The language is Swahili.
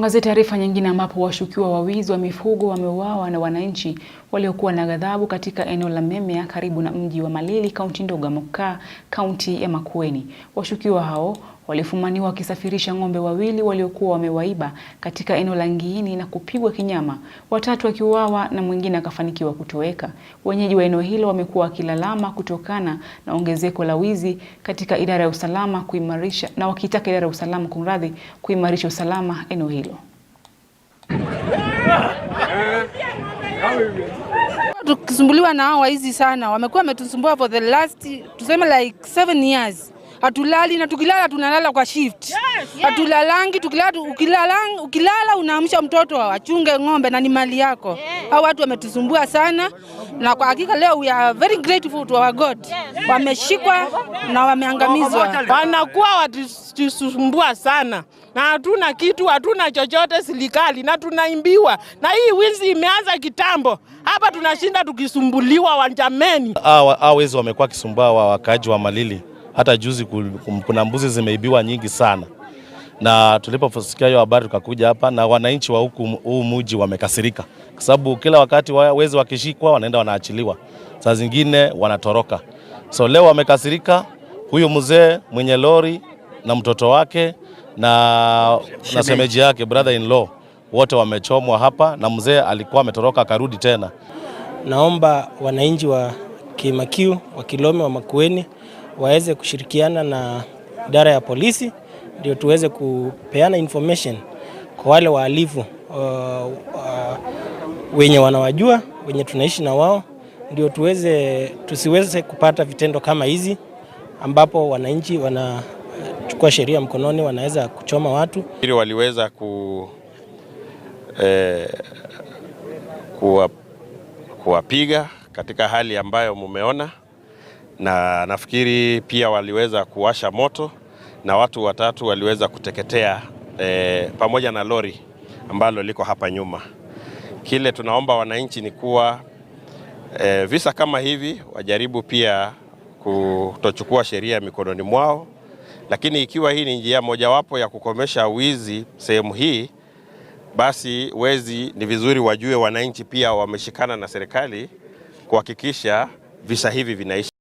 Angazia taarifa nyingine ambapo washukiwa wa wizi wa mifugo wameuawa na wananchi waliokuwa na ghadhabu katika eneo la Memea karibu na mji wa Malili, kaunti ndogo ya mokaa kaunti ya Makueni. Washukiwa hao walifumaniwa wakisafirisha ng'ombe wawili waliokuwa wamewaiba katika eneo la Ngiini na kupigwa kinyama, watatu wakiuawa na mwingine akafanikiwa kutoweka. Wenyeji wa eneo hilo wamekuwa wakilalama kutokana na ongezeko la wizi katika idara ya usalama kuimarisha na wakitaka idara ya usalama kumradhi, kuimarisha usalama eneo hilo. Tukisumbuliwa na hao waizi sana, wamekuwa wametusumbua for the last tuseme like seven years hatulali na tukilala tunalala kwa shift. Hatulalangi, tukilala ukilala, ukilala unaamsha mtoto, awachunge ng'ombe na ni mali yako. Hao watu wametusumbua sana, na kwa hakika leo we are very grateful to our God. Wameshikwa na wameangamizwa, wanakuwa watusumbua sana na hatuna kitu, hatuna chochote serikali, na tunaimbiwa na hii wizi imeanza kitambo hapa, tunashinda tukisumbuliwa. Wanjameni hao wezi wamekuwa kisumbua wa wakaaji wa Malili. Hata juzi kuna mbuzi zimeibiwa nyingi sana, na tuliposikia hiyo habari tukakuja hapa, na wananchi wa huu mji wamekasirika, kwa sababu kila wakati wezi wakishikwa wanaenda wanaachiliwa, saa zingine wanatoroka. So leo wamekasirika, huyu mzee mwenye lori na mtoto wake na, na semeji yake brother in law wote wamechomwa hapa, na mzee alikuwa ametoroka akarudi tena. Naomba wananchi wa Kimakiu, wa Kilome, wa Makueni waweze kushirikiana na idara ya polisi ndio tuweze kupeana information kwa wale wahalifu uh, uh, wenye wanawajua wenye tunaishi na wao ndio tuweze tusiweze kupata vitendo kama hizi ambapo wananchi wanachukua sheria mkononi, wanaweza kuchoma watu. Ili waliweza ku, eh, kuwa, kuwapiga katika hali ambayo mumeona na nafikiri pia waliweza kuwasha moto na watu watatu waliweza kuteketea e, pamoja na lori ambalo liko hapa nyuma. Kile tunaomba wananchi ni kuwa e, visa kama hivi wajaribu pia kutochukua sheria mikononi mwao, lakini ikiwa hii ni njia mojawapo ya kukomesha wizi sehemu hii, basi wezi ni vizuri wajue wananchi pia wameshikana na serikali kuhakikisha visa hivi vinaisha.